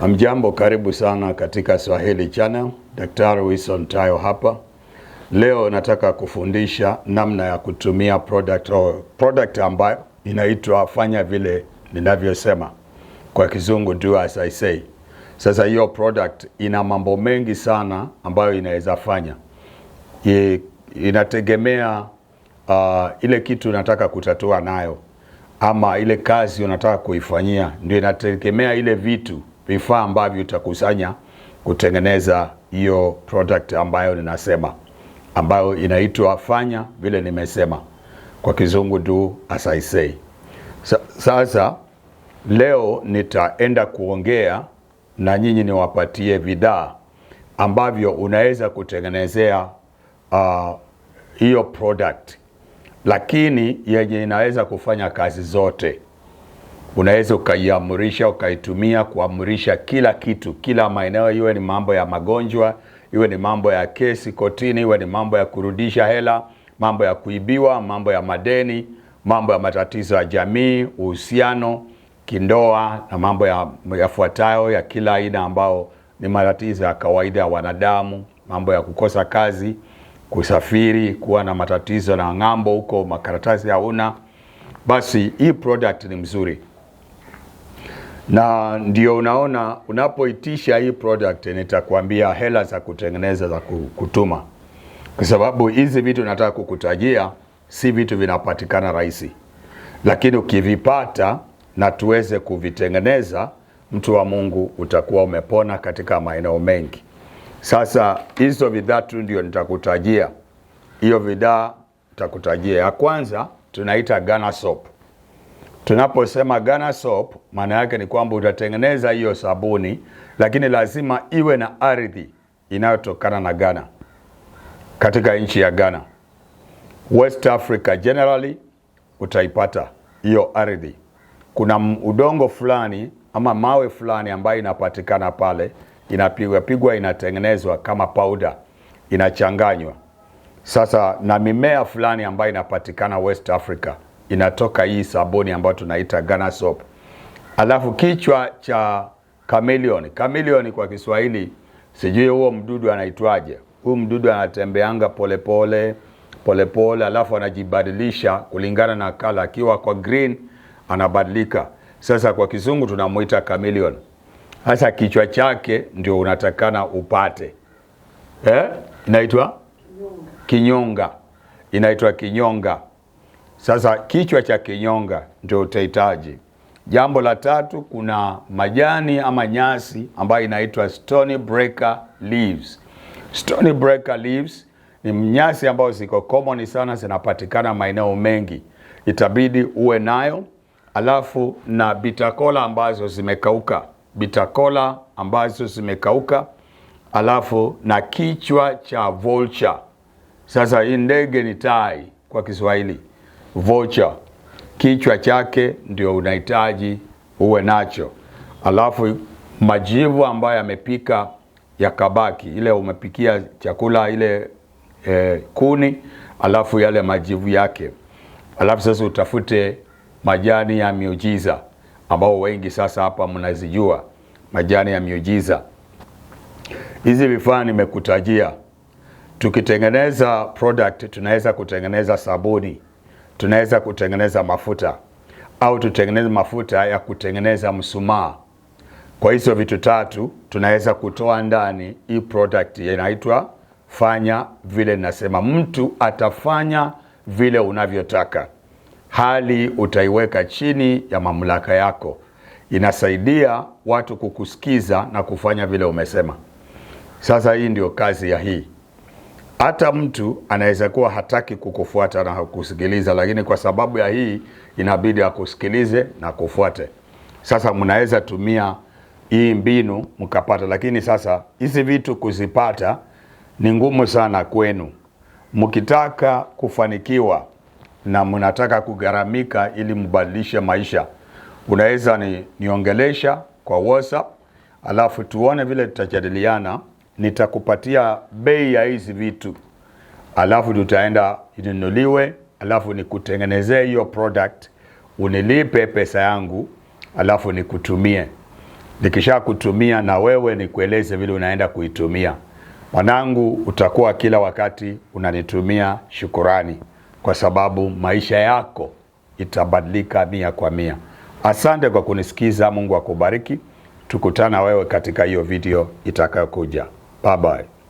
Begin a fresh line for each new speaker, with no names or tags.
Amjambo, karibu sana katika Swahili Channel. Daktari Wilson Tayo hapa. Leo nataka kufundisha namna ya kutumia product, product ambayo inaitwa fanya vile ninavyosema, kwa kizungu do as I say. Sasa hiyo product ina mambo mengi sana ambayo inaweza fanya, inategemea uh, ile kitu unataka kutatua nayo ama ile kazi unataka kuifanyia, ndio inategemea ile vitu vifaa ambavyo utakusanya kutengeneza hiyo product ambayo ninasema, ambayo inaitwa fanya vile nimesema kwa kizungu do as I say. Sa sasa leo nitaenda kuongea na nyinyi niwapatie bidhaa ambavyo unaweza kutengenezea uh, hiyo uh, product lakini yenye inaweza kufanya kazi zote unaweza ukaiamurisha ukaitumia kuamurisha kila kitu, kila maeneo, iwe ni mambo ya magonjwa, iwe ni mambo ya kesi kotini, iwe ni mambo ya kurudisha hela, mambo ya kuibiwa, mambo ya madeni, mambo ya matatizo ya jamii, uhusiano, kindoa na mambo yafuatayo ya, ya kila aina ambao ni matatizo ya kawaida ya wanadamu, mambo ya kukosa kazi, kusafiri, kuwa na matatizo na ng'ambo huko, makaratasi hauna. Basi hii product ni mzuri na ndio unaona unapoitisha hii product nitakwambia hela za kutengeneza za kutuma, kwa sababu hizi vitu nataka kukutajia si vitu vinapatikana rahisi, lakini ukivipata na tuweze kuvitengeneza, mtu wa Mungu, utakuwa umepona katika maeneo mengi. Sasa hizo bidhaa tu ndio nitakutajia, hiyo bidhaa nitakutajia. Ya kwanza tunaita Ghana soap Tunaposema Ghana soap, maana yake ni kwamba utatengeneza hiyo sabuni, lakini lazima iwe na ardhi inayotokana na Ghana, katika nchi ya Ghana. West Africa generally utaipata hiyo ardhi. Kuna udongo fulani ama mawe fulani ambayo inapatikana pale, inapigwa pigwa, inatengenezwa kama powder, inachanganywa sasa na mimea fulani ambayo inapatikana West Africa inatoka hii sabuni ambayo tunaita Ghana soap. Alafu kichwa cha chameleon. Chameleon kwa Kiswahili sijui huo mdudu anaitwaje. Huu mdudu anatembeanga polepole polepole, alafu anajibadilisha kulingana na kala. Akiwa kwa green anabadilika. Sasa kwa kizungu tunamuita chameleon. Sasa kichwa chake ndio unatakana upate eh? Inaitwa kinyonga, inaitwa kinyonga. Sasa kichwa cha kinyonga ndio utahitaji. Jambo la tatu, kuna majani ama nyasi ambayo inaitwa stony breaker leaves. Stony breaker leaves ni nyasi ambayo ziko common sana, zinapatikana maeneo mengi, itabidi uwe nayo. Alafu na bitakola ambazo zimekauka, bitakola ambazo zimekauka, alafu na kichwa cha vulture. Sasa hii ndege ni tai kwa Kiswahili vocha, kichwa chake ndio unahitaji uwe nacho, alafu majivu ambayo yamepika yakabaki, ile umepikia chakula ile eh, kuni, alafu yale majivu yake, alafu sasa utafute majani ya miujiza ambao wengi sasa hapa mnazijua majani ya miujiza. Hizi vifaa nimekutajia, tukitengeneza product tunaweza kutengeneza sabuni tunaweza kutengeneza mafuta au tutengeneze mafuta ya kutengeneza msumaa. Kwa hizo vitu tatu tunaweza kutoa ndani hii product inaitwa fanya vile nasema. Mtu atafanya vile unavyotaka, hali utaiweka chini ya mamlaka yako. Inasaidia watu kukusikiza na kufanya vile umesema. Sasa hii ndio kazi ya hii hata mtu anaweza kuwa hataki kukufuata na kukusikiliza, lakini kwa sababu ya hii inabidi akusikilize na kufuate. Sasa mnaweza tumia hii mbinu mkapata, lakini sasa hizi vitu kuzipata ni ngumu sana kwenu. Mkitaka kufanikiwa na mnataka kugharamika ili mbadilishe maisha, unaweza ni, niongelesha kwa WhatsApp alafu tuone vile tutajadiliana nitakupatia bei ya hizi vitu, alafu tutaenda inunuliwe, alafu nikutengenezee hiyo product, unilipe pesa yangu, alafu nikutumie. nikisha kutumia na wewe nikueleze vile unaenda kuitumia. Mwanangu, utakuwa kila wakati unanitumia shukurani, kwa sababu maisha yako itabadilika mia kwa mia. Asante kwa kunisikiza. Mungu akubariki. Tukutana wewe katika hiyo video itakayokuja. Bye bye.